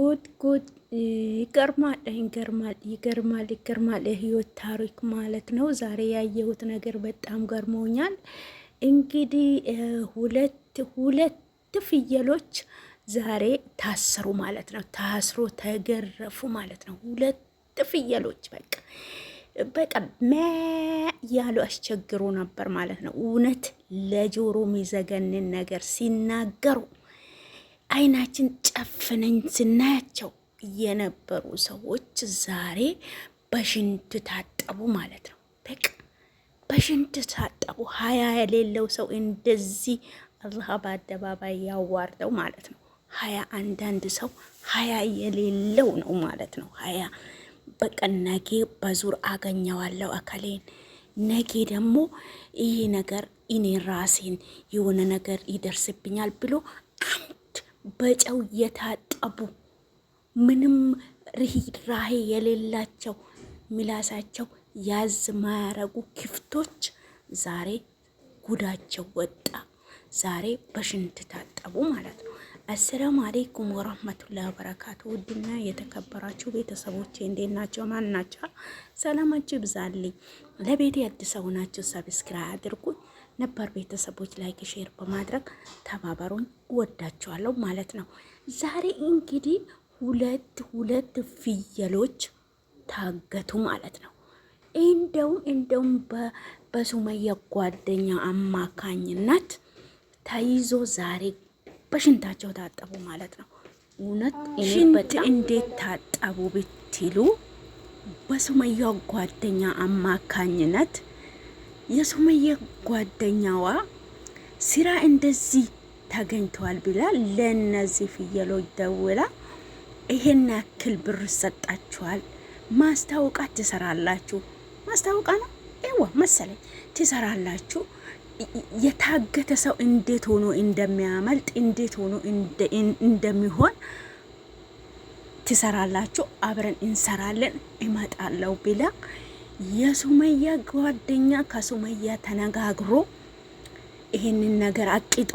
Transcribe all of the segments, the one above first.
ጉድ ጉድ ይገርማል፣ ይገርማል፣ ይገርማል፣ ይገርማል የህይወት ታሪክ ማለት ነው። ዛሬ ያየሁት ነገር በጣም ገርሞኛል። እንግዲህ ሁለት ሁለት ፍየሎች ዛሬ ታሰሩ ማለት ነው። ታስሮ ተገረፉ ማለት ነው። ሁለት ፍየሎች በቃ በቃ ያሉ አስቸግሮ ነበር ማለት ነው። እውነት ለጆሮ የሚዘገንን ነገር ሲናገሩ አይናችን ጨፍነኝ ስናያቸው የነበሩ ሰዎች ዛሬ በሽንት ታጠቡ ማለት ነው። በቃ በሽንት ታጠቡ። ሀያ የሌለው ሰው እንደዚህ አላህ በአደባባይ ያዋርደው ማለት ነው። ሀያ አንዳንድ ሰው ሀያ የሌለው ነው ማለት ነው። ሀያ በቀን ነጌ በዙር አገኘዋለሁ አካሌን ነጌ ደግሞ ይህ ነገር እኔ ራሴን የሆነ ነገር ይደርስብኛል ብሎ በጨው የታጠቡ ምንም ርህራሄ የሌላቸው ሚላሳቸው ያዝ ማያረጉ ክፍቶች ዛሬ ጉዳቸው ወጣ። ዛሬ በሽንት ታጠቡ ማለት ነው። አሰላሙ አሌይኩም ወራህመቱላሂ ወበረካቱ። ውድና የተከበራችሁ ቤተሰቦቼ እንዴት ናቸው? ማን ናቸው? ሰላማችሁ ይብዛልኝ። ለቤቴ አዲስ ናቸው። ሰብስክራይብ አድርጉኝ። ነባር ቤተሰቦች ላይክ ሼር በማድረግ ተባበሩኝ። ወዳችኋለሁ ማለት ነው። ዛሬ እንግዲህ ሁለት ሁለት ፍየሎች ታገቱ ማለት ነው። እንደውም እንደውም በሱመያ ጓደኛ አማካኝነት ተይዞ ዛሬ በሽንታቸው ታጠቡ ማለት ነው። እውነት ሽንት እንዴት ታጠቡ ብትሉ በሱመያ ጓደኛ አማካኝነት የሱመየ ጓደኛዋ ስራ እንደዚህ ተገኝተዋል ብላ ለነዚህ ፍየሎች ደውላ ይሄን ያክል ብር ሰጣችኋል፣ ማስታወቃ ትሰራላችሁ። ማስታወቃ ነው ይዋ መሰለኝ ትሰራላችሁ። የታገተ ሰው እንዴት ሆኖ እንደሚያመልጥ እንዴት ሆኖ እንደሚሆን ትሰራላችሁ። አብረን እንሰራለን፣ እመጣለሁ ብላ የሱመያ ጓደኛ ከሱመያ ተነጋግሮ ይሄንን ነገር አቂጦ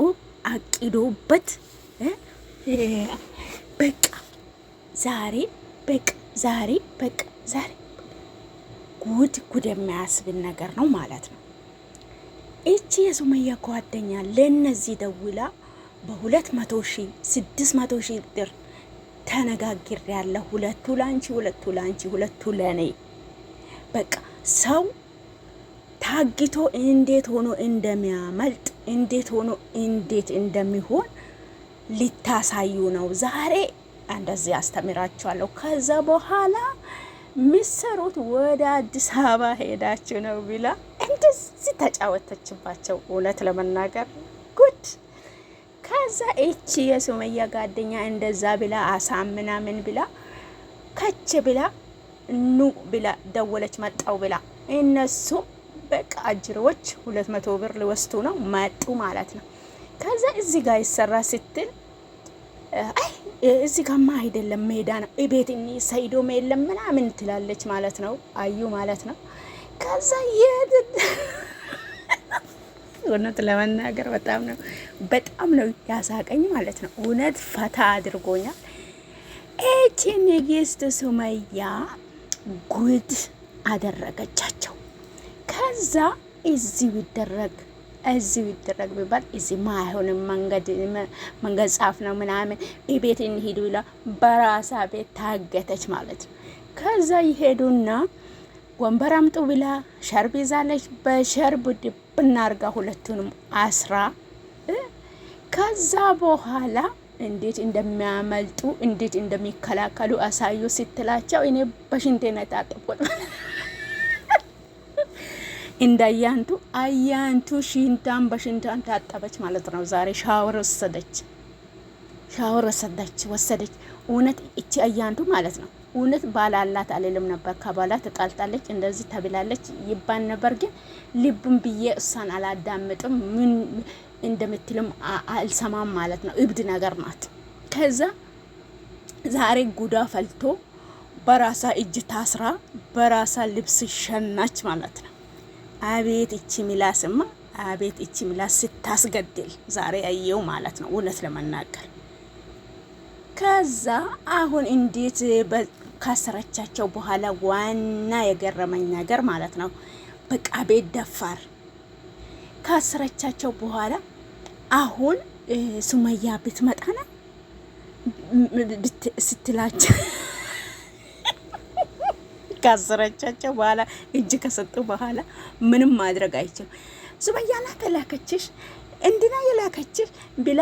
አቂዶበት በቃ ዛሬ በቃ ዛሬ በቃ ዛሬ ጉድ ጉድ የሚያስብን ነገር ነው ማለት ነው። እቺ የሱመያ ጓደኛ ለነዚህ ደውላ በሁለት መቶ ሺህ ስድስት መቶ ሺህ ብር ሁለቱ ላንቺ ሁለቱ ላንቺ ሁለቱ ለእኔ በቃ ሰው ታግቶ እንዴት ሆኖ እንደሚያመልጥ እንዴት ሆኖ እንዴት እንደሚሆን ሊታሳዩ ነው። ዛሬ እንደዚህ አስተምራችኋለሁ። ከዛ በኋላ ምሰሩት ወደ አዲስ አበባ ሄዳችሁ ነው ብላ እንደዚህ ተጫወተችባቸው። እውነት ለመናገር ጉድ። ከዛ እቺ የሱመያ ጓደኛ እንደዛ ብላ አሳምና ምን ብላ ከች ብላ ኑ ብላ ደወለች። መጣው ብላ እነሱ በቃ አጅሮች ሁለት መቶ ብር ሊወስዱ ነው መጡ ማለት ነው። ከዛ እዚ ጋር ይሰራ ስትል አይ እዚህ ጋማ አይደለም ሜዳ ነው ቤት ሰይዶም የለም ምናምን ትላለች ማለት ነው። አዩ ማለት ነው። ከዛ የት እውነት ለመናገር በጣም ነው በጣም ነው ያሳቀኝ ማለት ነው። እውነት ፈታ አድርጎኛል። እቺ ንግስት ሱመያ ጉድ አደረገቻቸው። ከዛ እዚው ይደረግ እዚው ይደረግ ቢባል እዚ ማይሆንም መንገድ መንገድ ጻፍ ነው ምናምን ቤት እንሂዱ ይላ በራሳ ቤት ታገተች ማለት ነው። ከዛ ይሄዱና ወንበር አምጡ ብላ ሸርብ ይዛለች። በሸርብ ድብ እናርጋ ሁለቱንም አስራ ከዛ በኋላ እንዴት እንደሚያመልጡ እንዴት እንደሚከላከሉ አሳዩ ስትላቸው እኔ በሽንቴ ነው የታጠብኩት። እንደ አያንቱ አያንቱ ሽንታን በሽንታን ታጠበች ማለት ነው። ዛሬ ሻወር ወሰደች፣ ሻወር ወሰደች ወሰደች። እውነት እቺ አያንቱ ማለት ነው እውነት ባል አላት አልልም ነበር። ከባሏ ትጣልጣለች፣ እንደዚህ ተብላለች ይባል ነበር። ግን ልብም ብዬ እሷን አላዳምጥም፣ ምን እንደምትልም አልሰማም ማለት ነው። እብድ ነገር ናት። ከዛ ዛሬ ጉዳ ፈልቶ በራሳ እጅ ታስራ በራሳ ልብስ ሸናች ማለት ነው። አቤት እቺ ሚላስማ አቤት እቺ ሚላስ ስታስገድል ዛሬ አየው ማለት ነው። እውነት ለመናገር ከዛ አሁን እንዴት ካሰረቻቸው በኋላ ዋና የገረመኝ ነገር ማለት ነው በቃ ቤት ደፋር ካሰረቻቸው በኋላ አሁን ሱመያ ብትመጣ ነው ስትላቸው ካሰረቻቸው በኋላ እጅ ከሰጡ በኋላ ምንም ማድረግ አይችልም። ሱመያ ናት የላከችሽ እንዲና የላከችሽ ብላ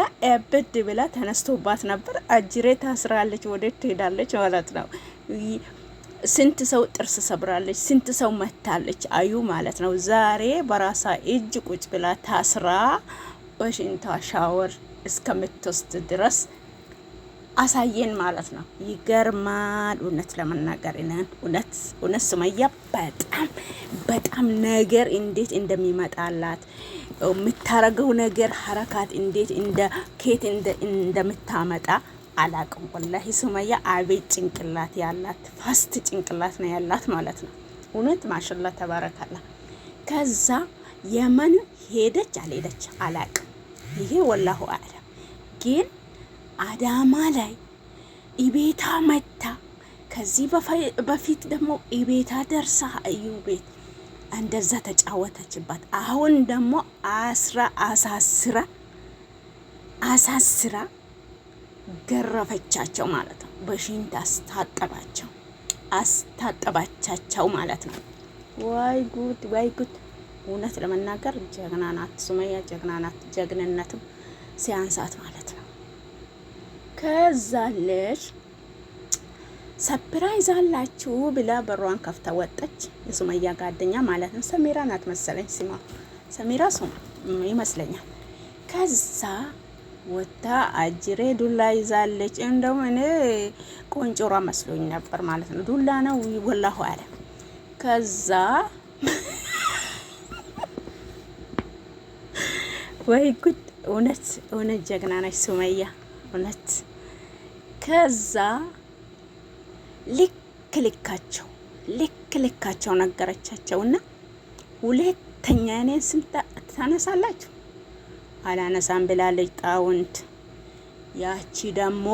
ብድ ብላ ተነስቶባት ነበር። አጅሬ ታስራለች፣ ወደ ትሄዳለች ማለት ነው። ስንት ሰው ጥርስ ሰብራለች፣ ስንት ሰው መታለች። አዩ ማለት ነው። ዛሬ በራሳ እጅ ቁጭ ብላ ታስራ ወሽንታ ሻወር እስከምትወስድ ድረስ አሳየን ማለት ነው። ይገርማል። እውነት ለመናገር ነን እውነት እውነት ስመያ በጣም በጣም ነገር እንዴት እንደሚመጣላት የምታረገው ነገር ሀረካት እንዴት እንደ ኬት እንደምታመጣ አላቅም። ወላሂ ሱመያ አቤት ጭንቅላት ያላት ፋስት ጭንቅላት ነው ያላት ማለት ነው። እውነት ማሽላ ተባረካላ። ከዛ የመን ሄደች አልሄደች አላቅም። ይሄ ወላሁ አለም ግን አዳማ ላይ ኢቤታ መታ። ከዚህ በፊት ደግሞ ኢቤታ ደርሳ እዩ ቤት እንደዛ ተጫወተችባት። አሁን ደግሞ አስራ አሳስራ አሳስራ ገረፈቻቸው ማለት ነው። በሽንት አስታጠባቸው አስታጠባቻቸው ማለት ነው። ዋይ ጉድ ዋይ ጉድ! እውነት ለመናገር ጀግና ናት ሱመያ፣ ጀግና ናት። ጀግንነትም ሲያንሳት ማለት ነው። ከዛ ልጅ ሰፕራይዝ አላችሁ ብላ በሯን ከፍታ ወጠች። የሱመያ ጓደኛ ማለት ነው ሰሜራ ናት መሰለኝ። ሲማ ሰሜራ ሱማ ይመስለኛል። ከዛ ወታ አጅሬ ዱላ ይዛለች። እንደው እኔ ቆንጮሯ መስሎኝ ነበር ማለት ነው። ዱላ ነው ወላሁ አለ። ከዛ ወይ ጉድ! እውነት እውነት ጀግና ነች ሱመያ እውነት። ከዛ ልክ ልካቸው ልክ ልካቸው ነገረቻቸውና ሁለተኛ እኔን ስም ታነሳላችሁ አላነሳም ብላለች ጣውንት። ያቺ ደግሞ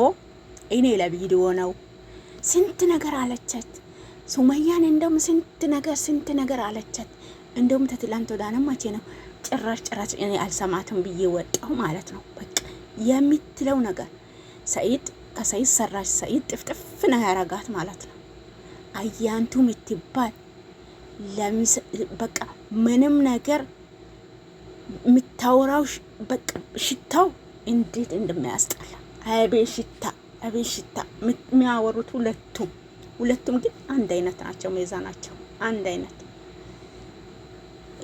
እኔ ለቪዲዮ ነው ስንት ነገር አለቻት። ሱመያን እንደውም ስንት ነገር ስንት ነገር አለቻት። እንደውም ተትላንት ወዳንም መቼ ነው ጭራሽ ጭራሽ እኔ አልሰማትም ብዬ ወጣሁ ማለት ነው። በቃ የምትለው ነገር ሰይድ ከሰይድ ሰራሽ ሰይድ ጥፍጥፍ ነው ያረጋት ማለት ነው። አያንቱ ምትባል በቃ ምንም ነገር የምታወራው በቃ ሽታው እንዴት እንደሚያስጠላ አቤ ሽታ አቤት ሽታ። የሚያወሩት ሁለቱም ሁለቱም ግን አንድ አይነት ናቸው፣ ሜዛ ናቸው፣ አንድ አይነት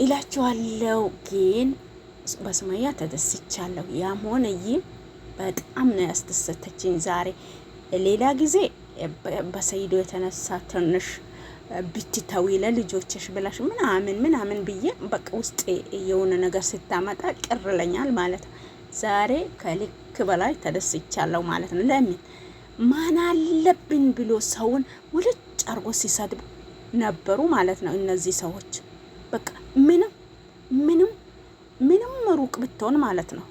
እላችኋለሁ። ግን በሱመያ ተደስቻለሁ። ያም ሆነ ይህም በጣም ነው ያስደሰተችኝ ዛሬ። ሌላ ጊዜ በሰይዶ የተነሳ ትንሽ ብትተዊ ለልጆችሽ ብላሽ ምናምን ምናምን ብዬ በቃ ውስጤ የሆነ ነገር ስታመጣ ቅር ለኛል ማለት ነው። ዛሬ ከልክ በላይ ተደስቻለሁ ማለት ነው። ለምን ማን አለብን ብሎ ሰውን ውልጭ አርጎ ሲሰድቡ ነበሩ ማለት ነው። እነዚህ ሰዎች በቃ ምንም ምንም ምንም ሩቅ ብትሆን ማለት ነው።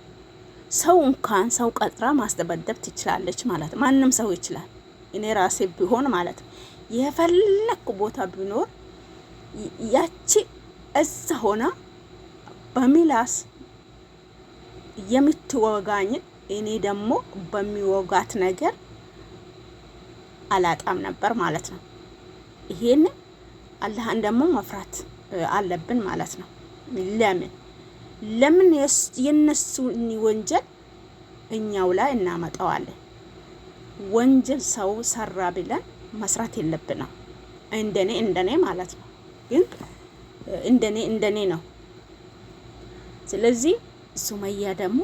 ሰው እንኳን ሰው ቀጥራ ማስደበደብ ትችላለች ማለት ማንም ሰው ይችላል። እኔ ራሴ ቢሆን ማለት ነው የፈለኩ ቦታ ቢኖር ያቺ እዛ ሆና በሚላስ የምትወጋኝ እኔ ደግሞ በሚወጋት ነገር አላጣም ነበር ማለት ነው። ይሄን አላህን ደግሞ መፍራት አለብን ማለት ነው። ለምን ለምን የነሱን ወንጀል እኛው ላይ እናመጣዋለን? ወንጀል ሰው ሰራ ብለን መስራት የለብንም። እንደኔ እንደኔ ማለት ነው። ግን እንደኔ እንደኔ ነው። ስለዚህ ሱመያ ደግሞ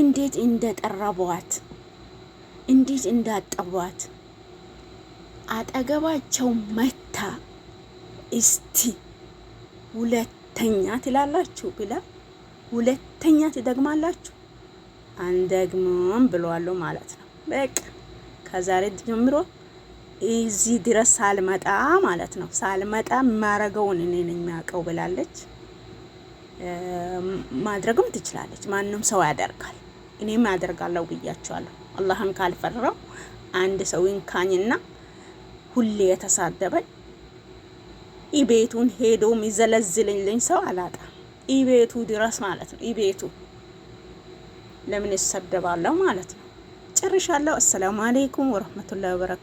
እንዴት እንደጠረቧት እንዴት እንዳጠቧት አጠገባቸው መታ እስቲ ሁለተኛ ትላላችሁ ብላ ሁለተኛ ትደግማላችሁ አንደግምም ብለዋሉ ማለት ነው በቃ ከዛሬ ጀምሮ እዚህ ድረስ ሳልመጣ ማለት ነው ሳልመጣ የማረገውን እኔ ነኝ የሚያውቀው ብላለች። ማድረግም ትችላለች። ማንም ሰው ያደርጋል። እኔም ያደርጋለሁ ብያቸዋለሁ። አላህን ካልፈራው አንድ ሰው ይንካኝና ሁሌ የተሳደበኝ ኢቤቱን ሄዶ የሚዘለዝልኝ ሰው አላጣ። ኢቤቱ ድረስ ማለት ነው። ኢቤቱ ለምን ይሰደባለሁ ማለት ነው። ጨርሻለሁ። አሰላሙ አሌይኩም ወረህመቱላሂ ወበረካቱ